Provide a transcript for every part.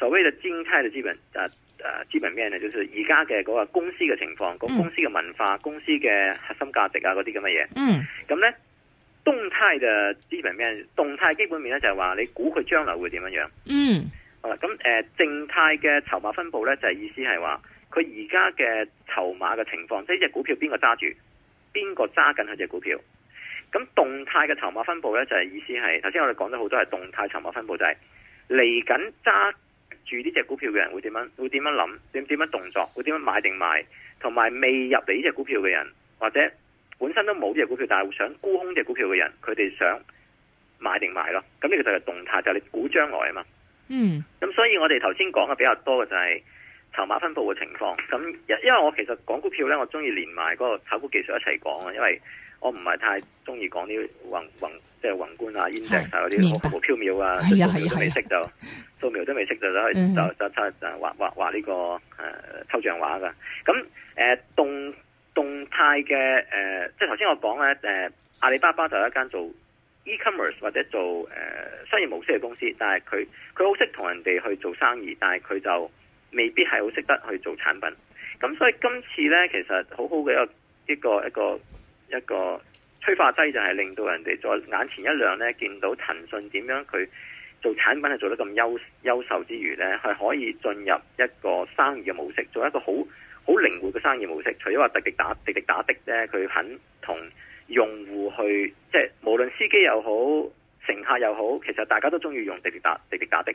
所謂嘅靜態嘅資本誒誒，基本面咧，就是而家嘅嗰個公司嘅情況，那個公司嘅文、嗯、文化、公司嘅核心價值啊，嗰啲咁嘅嘢。嗯，咁咧動態嘅基本面，動態基本面咧就係話你估佢將來會點樣樣。嗯，好啦，啊，咁誒靜態嘅籌碼分布咧就係、是、意思係話，佢而家嘅籌碼嘅情況，即係隻股票邊個揸住，邊個揸緊佢隻股票。咁動態嘅籌碼分布咧就係、是、意思係，頭先我哋講咗好多係動態籌碼分布就係嚟緊揸住呢隻股票嘅人會點樣？會點樣諗？點點樣動作？會點樣買定賣？同埋未入嚟呢隻股票嘅人，或者本身都冇呢隻股票，但係想沽空呢隻股票嘅人，佢哋想買定賣咯。咁呢個就係動態，就係、是、你估將來啊嘛。嗯。咁所以我哋頭先講嘅比較多嘅就係籌碼分布嘅情況。咁因因為我其實講股票呢，我中意連埋嗰個炒股技術一齊講啊，因為。我唔係太中意講啲宏宏即係宏觀啊、經濟啊嗰啲虛無縹緲啊，素描都未識就素描的都未識就咧 就就就，就，就畫畫畫呢、這個誒、呃、抽象畫噶。咁誒、呃、動動態嘅誒，即係頭先我講咧誒阿里巴巴就係一間做 e-commerce 或者做誒、呃、商業模式嘅公司，但係佢佢好識同人哋去做生意，但係佢就未必係好識得去做產品。咁所以今次咧，其實好好嘅一個一個一個。一個一個催化劑就係令到人哋在眼前一亮咧，見到騰訊點樣佢做產品係做得咁優優秀之餘咧，係可以進入一個生意嘅模式，做一個好好靈活嘅生意模式。除咗話滴滴打、滴滴打滴滴打的咧，佢肯同用戶去，即係無論司機又好、乘客又好，其實大家都中意用滴滴打滴滴打的。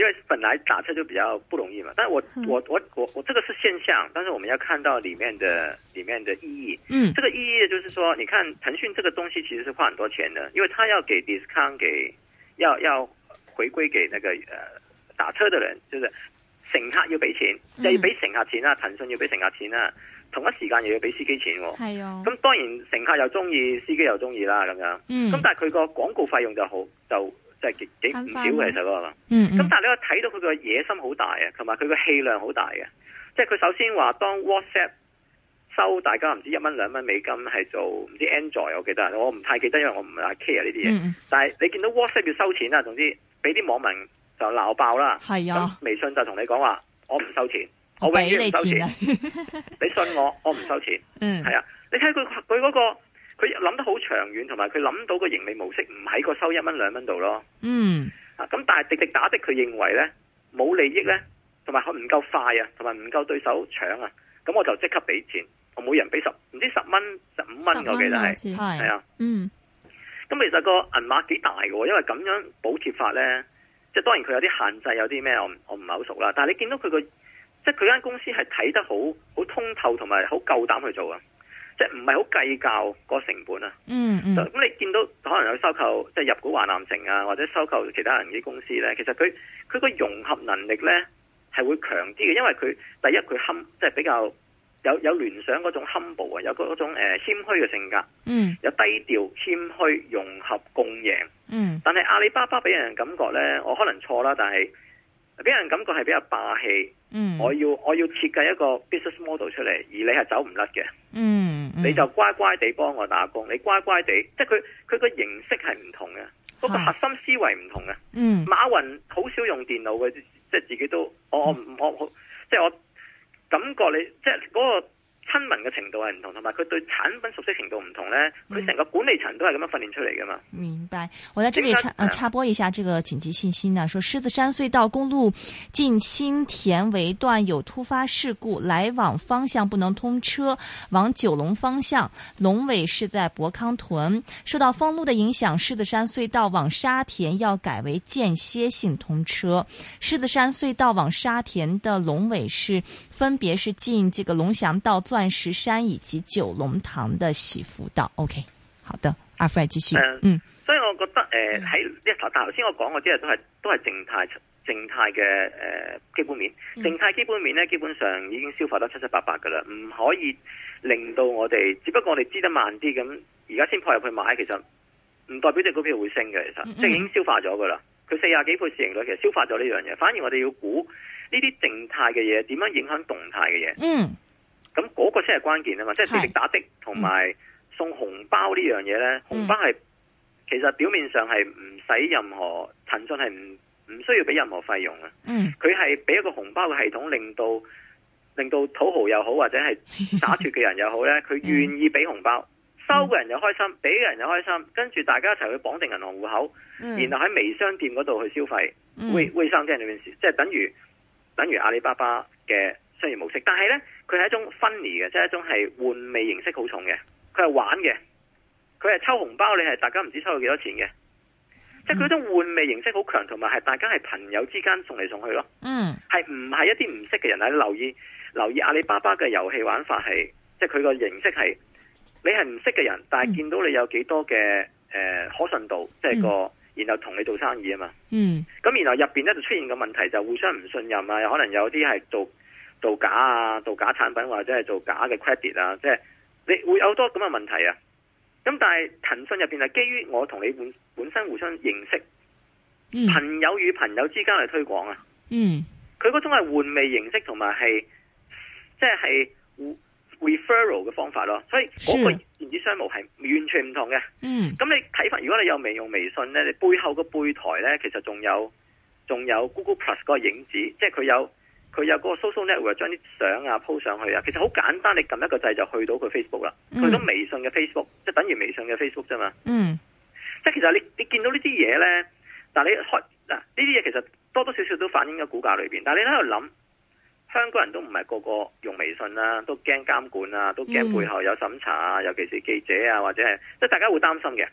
因為本來打車就比較不容易嘛，但我我我我我，我這個是現象，但是我們要看到裏面的裏面的意義。嗯，這個意義就是說，你看騰訊這個東西其實是花很多錢的，因為他要給 discount，給要要回歸給那個呃打車的人，就是乘客要俾錢，嗯、又要俾乘客錢啦、啊，騰訊又要俾乘客錢啦、啊，同一時間又要俾司機錢。係哦，咁、哦、當然乘客又中意，司機又中意啦，咁樣。嗯，咁但係佢個廣告費用的就好就。即係幾幾唔少其實咯，咁、啊、嗯嗯嗯、但係你又睇到佢個野心好大啊，同埋佢個氣量好大嘅，即係佢首先話當 WhatsApp 收大家唔知一蚊兩蚊美金係做唔知 Android，我記得我唔太記得，因為我唔係 care 呢啲嘢。嗯嗯，但係你見到 WhatsApp 要收錢啦，總之俾啲網民就鬧爆啦。係啊，微信就同你講話，我唔收錢，我，錢啊、我永遠唔收錢，哈哈哈哈，你信我，我唔收錢。嗯，係啊，你睇佢佢嗰個。佢諗得好長遠，同埋佢諗到個盈利模式唔喺個收一蚊兩蚊度咯。嗯，咁，mm. 但係滴滴打的佢認為呢冇利益呢，同埋佢唔夠快啊，同埋唔夠對手搶啊。咁我就即刻畀錢，我每人俾十唔知十蚊十五蚊，我記得係啊，嗯。咁、嗯、其實個銀碼幾大㗎喎，因為咁樣補貼法呢，即、就、係、是、當然佢有啲限制有，有啲咩我我唔係好熟啦。但係你見到佢個即係佢間公司係睇得好好通透，同埋好夠膽去做啊！即係唔係好計較個成本啊、嗯。嗯嗯。咁你見到可能有收購，即係入股華南城啊，或者收購其他人啲公司咧。其實佢佢個融合能力咧係會強啲嘅，因為佢第一佢謙，即係比較有有聯想嗰種 humble 啊，有嗰種誒謙虛嘅性格。嗯。有低調謙虛融合共贏。嗯。但係阿里巴巴俾人感覺咧，我可能錯啦，但係俾人感覺係比較霸氣。嗯。我。我要我要設計一個 business model 出嚟，而你係走唔甩嘅。嗯。你就乖乖地幫我打工，你乖乖地，即係佢佢個形式係唔同嘅，嗰、嗰個核心思維唔同嘅。嗯，馬雲好少用電腦嘅，即係自己都，我我唔學，即係我感覺你即係、嗰、嗰個。親民嘅程度係唔同，同埋佢對產品熟悉程度唔同咧，佢成白個管理層都係咁樣訓練出嚟噶嘛。明白，我在這裏插誒插播一下這個緊急信息呢、啊，說獅子山隧道公路近新田圍段有突發事故，來往方向不能通車，往九龍方向龍尾是在博康屯，受到封路的影響，獅子山隧道往沙田要改為間歇性通車。獅子山隧道往沙田的龍尾是，分別是進這個龍翔道鑽。鑽石山以及九龍塘嘅喜福道，OK，好的，阿 Freddie 繼續。嗯、呃，所以我覺得誒喺呢頭頭先我講嘅即係都係都係靜態靜態嘅誒、呃、基本面，靜態基本面咧基本上已經消化得七七八八噶啦，唔可以令到我哋，只不過我哋知得慢啲咁，而家先破入去買，其實唔代表隻股票會升嘅，其實即係已經消化咗噶啦，佢、嗯嗯、四廿幾倍市盈率其實消化咗呢樣嘢，反而我哋要估呢啲靜態嘅嘢點樣影響動態嘅嘢，嗯。咁嗰個先係關鍵啊嘛，即係滴滴打的同埋送紅包呢樣嘢呢，嗯、紅包係其實表面上係唔使任何騰訊係唔唔需要俾任何費用啊，佢係俾一個紅包嘅系統，令到令到土豪又好或者係打脫嘅人又好呢，佢願意俾紅包，收嘅人又開心，俾嘅人又開心，跟住大家一齊去綁定銀行戶口，嗯、然後喺微商店嗰度去消費，會會生啲咩事？即係等於等於阿里巴巴嘅商業模式，但係呢。佢係一種分離嘅，即係一種係換味形式好重嘅。佢係玩嘅，佢係抽紅包，你係大家唔知抽到幾多錢嘅。即係佢種換味形式好強，同埋係大家係朋友之間送嚟送去咯。嗯，係唔係一啲唔識嘅人喺留意留意阿里巴巴嘅遊戲玩法係？即係佢個形式係你係唔識嘅人，但係見到你有幾多嘅誒可信度，即係個，然後同你做生意啊嘛。嗯，咁然後入面咧就出現個問題就互相唔信任啊，可能有啲係做。做假啊，做假產品或者係做假嘅 credit 啊，即係你會有多咁嘅問題啊。咁但係騰訊入面係基於我同你本本身互相認識，嗯、朋友與朋友之間嚟推廣啊。嗯，佢嗰種係換位認識同埋係即係係 referral 嘅方法咯、啊。所以嗰個電子商務係完全唔同嘅。嗯，咁、嗯、你睇法，如果你有微用微信咧，你背後個背台咧，其實仲有仲有 Google Plus 嗰個影子，即係佢有。佢有嗰個 social network 將啲相啊鋪上去啊，其實好簡單，你撳一個掣就去到佢 Facebook 啦，去到微信嘅 Facebook，mm. 即等於微信嘅 Facebook 啫嘛。嗯，mm. 即其實你你見到呢啲嘢咧，但你開嗱呢啲嘢其實多多少少都反映喺股價裏面。但你喺度諗，香港人都唔係個個用微信啦、啊，都驚監管啊，都驚背後有審查啊，mm. 尤其是記者啊或者係，即大家會擔心嘅。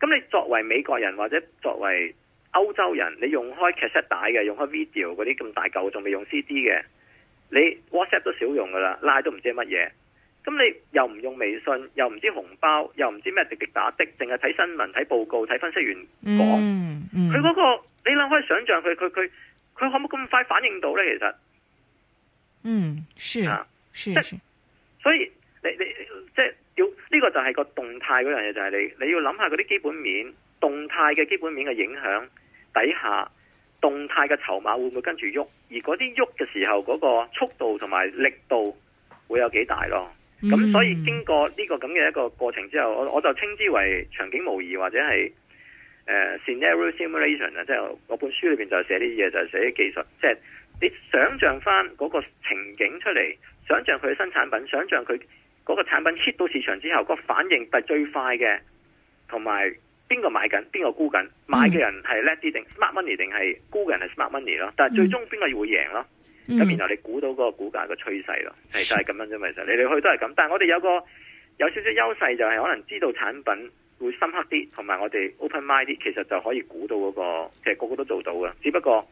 咁你作為美國人或者作為歐洲人，你用開 cassette 帶嘅，用開 video 嗰啲咁大嚿，仲未用 CD 嘅，你 WhatsApp 都少用噶啦，拉都唔知係乜嘢。咁你又唔用微信，又唔知紅包，又唔知咩滴滴打的，淨係睇新聞、睇報告、睇分析員講。佢嗰、嗯嗯嗰個你諗下，想象佢佢佢佢可唔可以咁快反應到呢？其實，嗯，是，是，啊、是。是所以你你即係要呢、呢個就係個動態嗰樣嘢，就係、是、你你要諗下嗰啲基本面。動態嘅基本面嘅影響底下，動態嘅籌碼會唔會跟住喐？而嗰啲喐嘅時候，嗰個速度同埋力度會有幾大咯？咁、mm. 所以經過呢個咁嘅一個過程之後，我我就稱之為場景模擬或者係誒、呃、scenario simulation 啊，即係我本書裏邊就寫啲嘢，就寫、是、啲技術，即、就、係、是、你想象翻嗰個情景出嚟，想象佢嘅新產品，想象佢嗰個產品 hit 到市場之後，個反應係最快嘅，同埋。邊個買緊，邊個沽緊？買嘅人係叻啲定 smart money，定係沽嘅人係 smart money 咯？但係最終邊個會贏咯？咁然後你估到嗰個股價嘅趨勢咯，其實係咁樣啫嘛，嚟嚟去去都係咁。但係我哋有個有少少優勢，就係可能知道產品會深刻啲，同埋我哋 open mind 啲，其實就可以估到嗰個，其實個個都做到嘅，只不過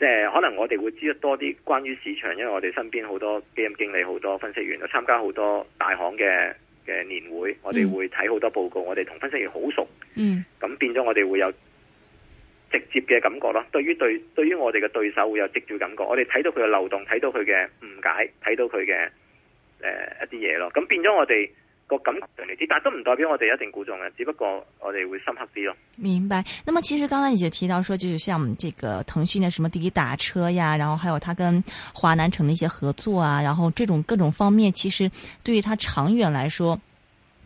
即係可能我哋會知得多啲關於市場，因為我哋身邊好多基金經理、好多分析員又參加好多大行嘅嘅年會，我哋會睇好多報告，我哋同分析員好熟，咁變咗我哋會有直接嘅感覺咯。對於對對於我哋嘅對手會有直接感覺，我哋睇到佢嘅漏洞，睇到佢嘅誤解，睇到佢嘅誒一啲嘢咯。咁變咗我哋。個感覺上嚟啲，但都唔代表我哋一定估中嘅，只不過我哋會深刻啲咯。明白。那麼其實剛剛你就提到說，就是像我們這個騰訊嘅什麼滴滴打車呀，然後還有他跟華南城的一些合作啊，然後這種各種方面，其實對於他長遠來說。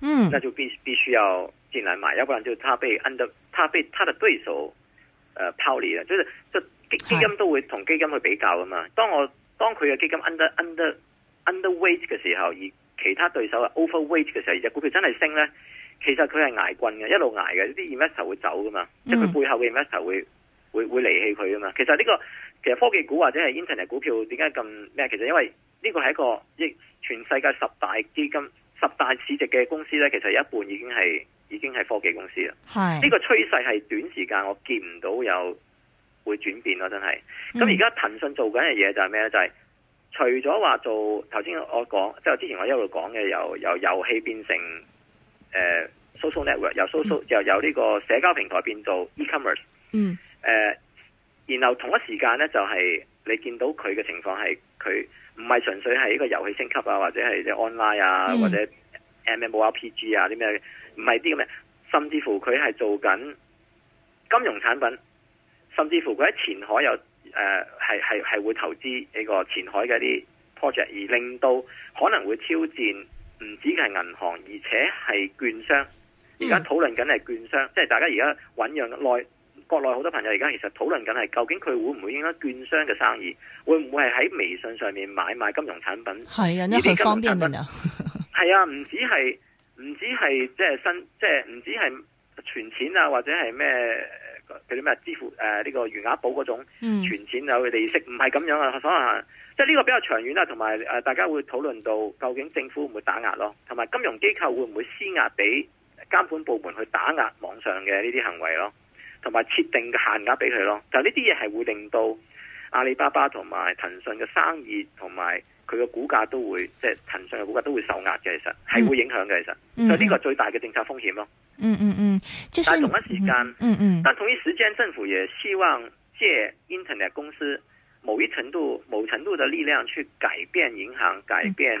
嗯，那就必必須要進來買一個人，要不然就他被 under，他被他的對手，呃拋離啦。即係即係基基金都會同基金去比較噶嘛。當我當佢嘅基金 under under underweight 嘅時候，而其他對手係 overweight 嘅時候，而隻股票真係升咧，其實佢係挨棍嘅，一路挨嘅。啲 investor 會走噶嘛，即係佢背後嘅 investor 會會會離棄佢噶嘛。其實呢個其實科技股或者係 internet 股票點解咁咩？其實因為呢個係一個全世界十大基金。十大市值嘅公司呢，其實一半已經係已經係科技公司啦。係呢是個趨勢係短時間我見唔到有會轉變咯，真係。咁而家騰訊做緊嘅嘢就係咩呢？就係、是、除咗話做頭先我講，即、就、係、是、之前我一路講嘅，由由遊戲變成、呃、social network，由 social、嗯、由呢個社交平台變做 e-commerce。E、commerce, 嗯、呃。然後同一時間呢，就係、是、你見到佢嘅情況係佢。唔係純粹係一個遊戲升級啊，或者係啲 online 啊，mm. 或者 MMORPG 啊啲咩，唔係啲咁嘅，甚至乎佢係做緊金融產品，甚至乎佢喺前海有誒，係係係會投資呢個前海嘅啲 project，而令到可能會挑戰，唔止係銀行，而且係券商。而家、mm. 討論緊係券商，即係大家而家醞釀得耐。國內好多朋友而家其實討論緊係究竟佢會唔會應該券商嘅生意？會唔會係喺微信上面買賣金融產品是的？係啊，呢個方便啲啊。係 啊，唔止係唔止係即係新，即係唔止係存錢啊，或者係咩嗰啲咩支付誒呢、呃這個餘額寶嗰種存錢有嘅利息，唔係咁樣啊。可能即係呢個比較長遠啦、啊，同埋誒大家會討論到究竟政府會唔會打壓咯，同埋金融機構會唔會施壓俾監管部門去打壓網上嘅呢啲行為咯？同埋設定嘅限額俾佢咯，就呢啲嘢係會令到阿里巴巴同埋騰訊嘅生意同埋佢嘅股價都會，即、就、係、是、騰訊嘅股價都會受壓嘅，其實係會影響嘅，其實就呢個最大嘅政策風險咯。嗯嗯嗯，嗯嗯就是、但係同一時間，嗯嗯，嗯嗯但係同一時間，政府也希望借 internet 公司某一程度、某程度嘅力量去改變銀行，嗯、改變。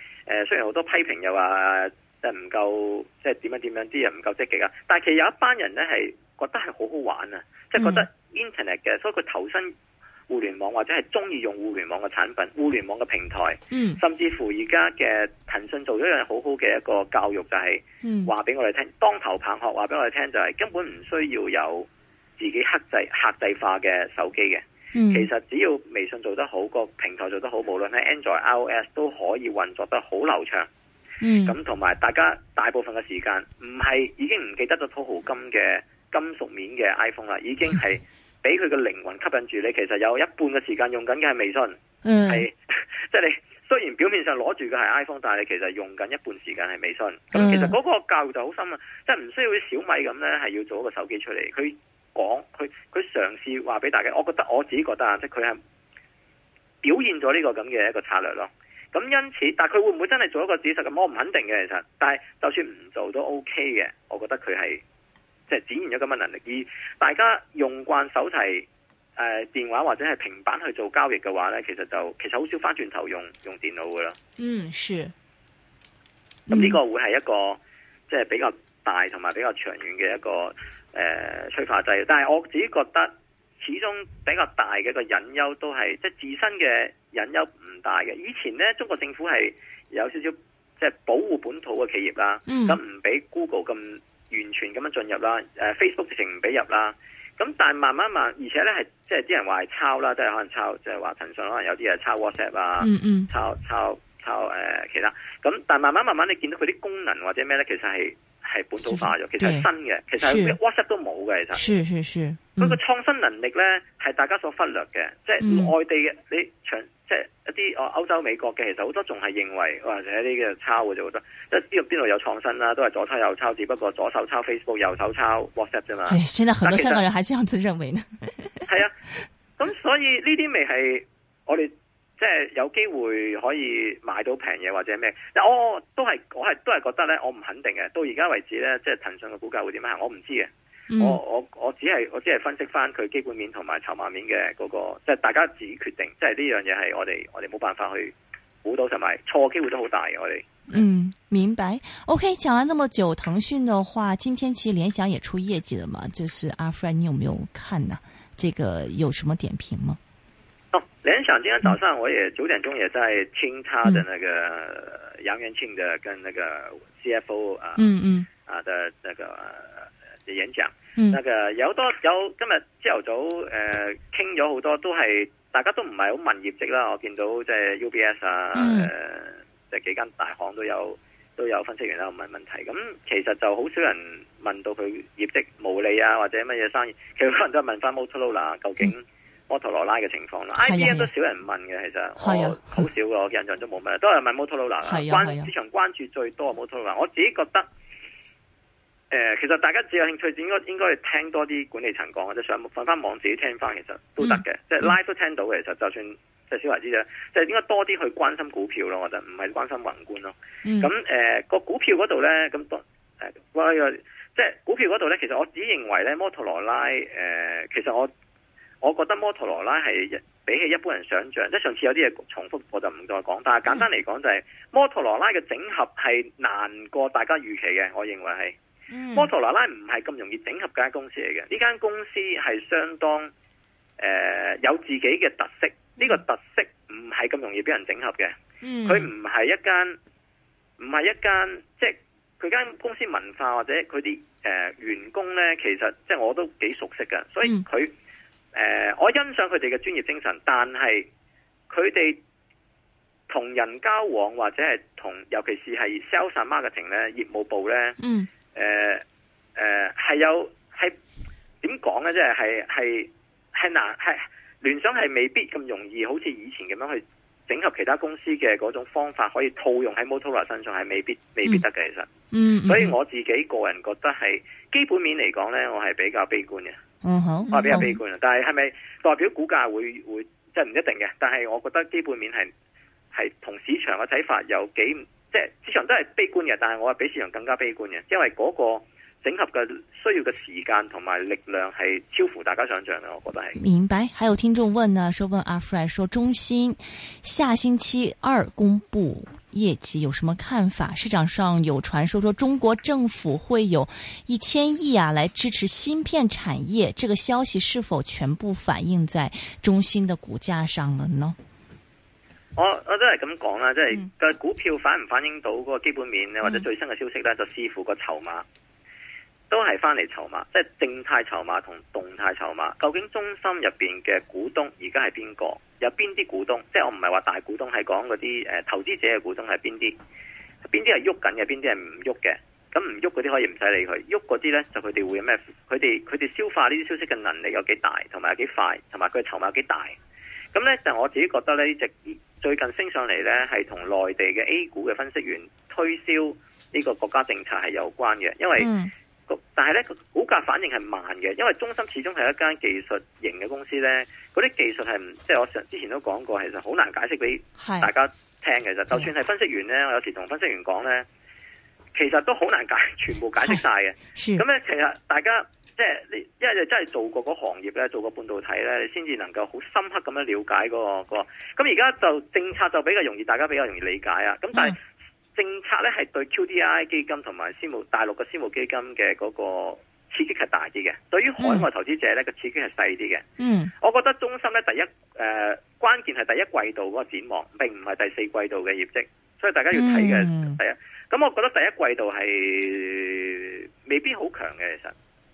誒、呃，雖然好多批評又話唔夠，即係點樣點樣啲人唔夠積極啊，但係其實有一班人咧係覺得係好好玩啊，即係、嗯、覺得 internet 嘅，所以佢投身互聯網或者係中意用互聯網嘅產品、互聯網嘅平台，嗯、甚至乎而家嘅騰訊做咗樣好好嘅一個教育，就係話俾我哋聽，嗯、當頭棒喝、就是，話俾我哋聽就係根本唔需要有自己克制、客製化嘅手機嘅。嗯、其實只要微信做得好，個平台做得好，無論喺 Android、iOS 都可以運作得好流暢。嗯，咁同埋大家大部分嘅時間唔係已經唔記得咗土豪金嘅金屬面嘅 iPhone 啦，已經係俾佢嘅靈魂吸引住。你其實有一半嘅時間用緊嘅係微信，係、嗯、即係你雖然表面上攞住嘅係 iPhone，但係你其實用緊一半時間係微信。咁其實嗰個教育就好深啊！即係唔需要小米咁呢，係要做一個手機出嚟，佢。講佢佢嘗試話俾大家，我覺得我自己覺得啊，即係佢係表現咗呢個咁嘅一個策略咯。咁因此，但係佢會唔會真係做一個指實嘅？我唔肯定嘅，其實。但係就算唔做都 OK 嘅，我覺得佢係即係展現咗咁嘅能力。而大家用慣手提誒、呃、電話或者係平板去做交易嘅話呢，其實就其實好少翻轉頭用用電腦噶咯。嗯，是。咁呢、嗯、個會係一個即係比較大同埋比較長遠嘅一個。誒，催化劑，但係我自己覺得，始終比較大嘅個隱憂都係，即係自身嘅隱憂唔大嘅。以前咧，中國政府係有少少即係保護本土嘅企業啦，咁唔俾 Google 咁完全咁樣進入啦，誒、呃、Facebook 直情唔俾入啦。咁但係慢慢慢慢，而且咧係即係啲人話係抄啦，即係可能抄，即係話騰訊可能有啲係抄 WhatsApp 啊、嗯嗯，抄抄抄誒、呃、其他。咁但係慢慢慢慢，你見到佢啲功能或者咩咧，其實係。係本土化咗，其實係新嘅，對其實係 WhatsApp 都冇嘅，是其實是是。是是是，佢、嗯、個創新能力咧，係大家所忽略嘅，嗯、即係外地嘅你，即係一啲哦，歐洲美國嘅，其實好多仲係認為或者呢個抄嘅啫，好多即係邊度邊度有創新啦，都係左抄右抄，只不過左手抄 Facebook，右手抄 WhatsApp 啫嘛。係，現在很多香港人還這樣子認為呢？係 啊，咁所以呢啲咪係我哋。即係有機會可以買到平嘢，或者咩？但我都係，我係都係覺得咧，我唔肯定嘅。到而家為止咧，即係騰訊嘅股價會點樣行，我唔知嘅、嗯。我我我只係我只係分析翻佢基本面同埋籌碼面嘅，嗰、那個，即係大家自己決定。即係呢樣嘢係我哋我哋冇辦法去估到，同埋錯機會都好大嘅。我哋嗯，明白。OK，講咗那麼久騰訊嘅話，今天其實聯想也出業績了嘛。就是阿 Frank，你有沒有看呢？這個有什麼點評嗎？哦，聯想今天早上我也九點鐘也在聽他的那個楊元慶的跟那個 CFO 啊，嗯嗯，嗯啊的那個、啊、演講，嗯、那個有多有今日朝頭早誒，傾咗好多都係大家都唔係好問業績啦，我見到即係 UBS 啊，誒、嗯，即、呃、幾間大行都有都有分析員啦問問題，咁其實就好少人問到佢業績無利啊或者乜嘢生意，其實好多人都問翻 Motorola 究竟、嗯。摩托羅拉嘅情況啦的，IBM 都少人問嘅，的其實好的少個，的我印象都冇咩都係問摩托羅拉。是的關是的市場關注最多摩托羅拉，我自己覺得，誒、呃，其實大家如果有興趣，應該應該聽多啲管理層講，或者上翻翻網自己聽翻，其實都得嘅，嗯、即係 live 都聽到嘅。其實就算即係、就是、小孩之啫，即、就、係、是、應該多啲去關心股票咯，我就唔係關心宏觀咯。咁誒、嗯呃、個股票嗰度咧，咁多誒，即係股票嗰度咧，其實我自己認為咧，摩托羅拉誒、呃，其實我。我覺得摩托羅拉係比起一般人想象，即係上次有啲嘢重複，我就唔再講。但係簡單嚟講、就係，就係、嗯、摩托羅拉嘅整合係難過大家預期嘅。我認為係、嗯、摩托羅拉唔係咁容易整合間公司嚟嘅。呢間公司係相當誒、呃、有自己嘅特色，呢、這個特色唔係咁容易俾人整合嘅。佢唔係一間唔係一間，即係佢間公司文化或者佢啲誒員工呢，其實即係我都幾熟悉嘅，所以佢。嗯誒、呃，我欣賞佢哋嘅專業精神，但係佢哋同人交往或者係同，尤其是係 sales marketing 咧，業務部咧，誒誒係有係點講咧？即係係係係難係聯想係未必咁容易，好似以前咁樣去整合其他公司嘅嗰種方法，可以套用喺 Motorola 身上係未必未必得嘅。其實，嗯，所以我自己個人覺得係基本面嚟講咧，我係比較悲觀嘅。嗯好，嗯好我比較悲觀啊，但係係咪代表股價會會即係唔一定嘅？但係我覺得基本面係係同市場嘅睇法有幾即係、就是、市場都係悲觀嘅，但係我係比市場更加悲觀嘅，因為嗰、那個。整合嘅需要嘅時間同埋力量係超乎大家想象嘅，我覺得係。明白，還有聽眾問呢，說問阿 Fred 說中芯下星期二公布業績，有什麼看法？市場上有傳說說中國政府會有一千億啊，來支持芯片產業，這個消息是否全部反映在中芯的股價上了呢？我我都係咁講啦，即係個股票反唔反映到嗰個基本面，嗯、或者最新嘅消息呢？就視乎個籌碼。都係翻嚟籌碼，即係靜態籌碼同動態籌碼。究竟中心入邊嘅股東而家係邊個？有邊啲股東？即係我唔係話大股東，係講嗰啲誒投資者嘅股東係邊啲？邊啲係喐緊嘅？邊啲係唔喐嘅？咁唔喐嗰啲可以唔使理佢，喐嗰啲呢就佢哋會有咩？佢哋佢哋消化呢啲消息嘅能力有幾大，同埋有幾快，同埋佢嘅籌碼有幾大？咁呢，但係我自己覺得咧，呢隻最近升上嚟呢係同內地嘅 A 股嘅分析員推銷呢個國家政策係有關嘅，因為。嗯但係咧，股價反應係慢嘅，因為中芯始終係一間技術型嘅公司咧，嗰啲技術係唔即係我之前都講過，其實好難解釋俾大家聽嘅。其實是就算係分析員咧，我有時同分析員講咧，其實都好難解，全部解釋晒嘅。咁咧，其實大家即係因為你真係做過嗰行業咧，做過半導體咧，你先至能夠好深刻咁樣了解嗰、那個個。咁而家就政策就比較容易，大家比較容易理解啊。咁但係。嗯政策咧，係對 QDII 基金同埋私募大陸嘅私募基金嘅嗰個刺激係大啲嘅，對於海外投資者咧，個刺激係細啲嘅。嗯，我覺得中心咧第一誒、呃、關鍵係第一季度嗰個展望，並唔係第四季度嘅業績，所以大家要睇嘅第一。咁、嗯、我覺得第一季度係未必好強嘅，其實。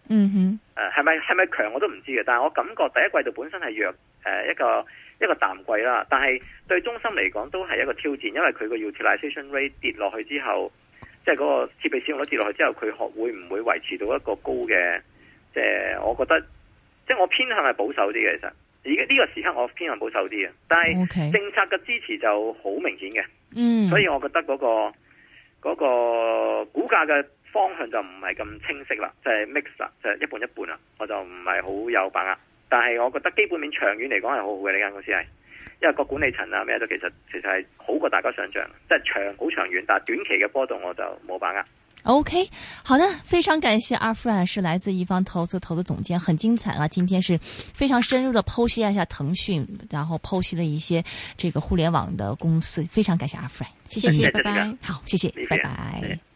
嗯哼。誒、呃，係咪係咪強我都唔知嘅，但係我感覺第一季度本身係弱誒、呃、一個。一個淡季啦，但係對中心嚟講都係一個挑戰，因為佢個 utilisation rate 跌落去之後，即係嗰個設備使用率跌落去之後，佢會唔會維持到一個高嘅？即係我覺得，即係我偏向係保守啲嘅，其實而家呢個時刻我偏向保守啲嘅。但係政策嘅支持就好明顯嘅，嗯，Okay. 所以我覺得嗰個嗰個股價嘅方向就唔係咁清晰啦，即係 mix，即係一半一半啦，我就唔係好有把握。但係我覺得基本面長遠嚟講係好好嘅，呢間公司係，因為個管理層啊咩都其實其實係好過大家想象，即係長好長遠，但係短期嘅波動我就冇把握。OK，好的，非常感謝阿 Frank，是來自一方投資投資總監，很精彩啊！今天是非常深入的剖析一下騰訊，然後剖析了一些這個互聯網的公司，非常感謝阿 Frank，謝謝，嗯、拜拜，好，謝謝，Me 拜拜。拜拜 yeah.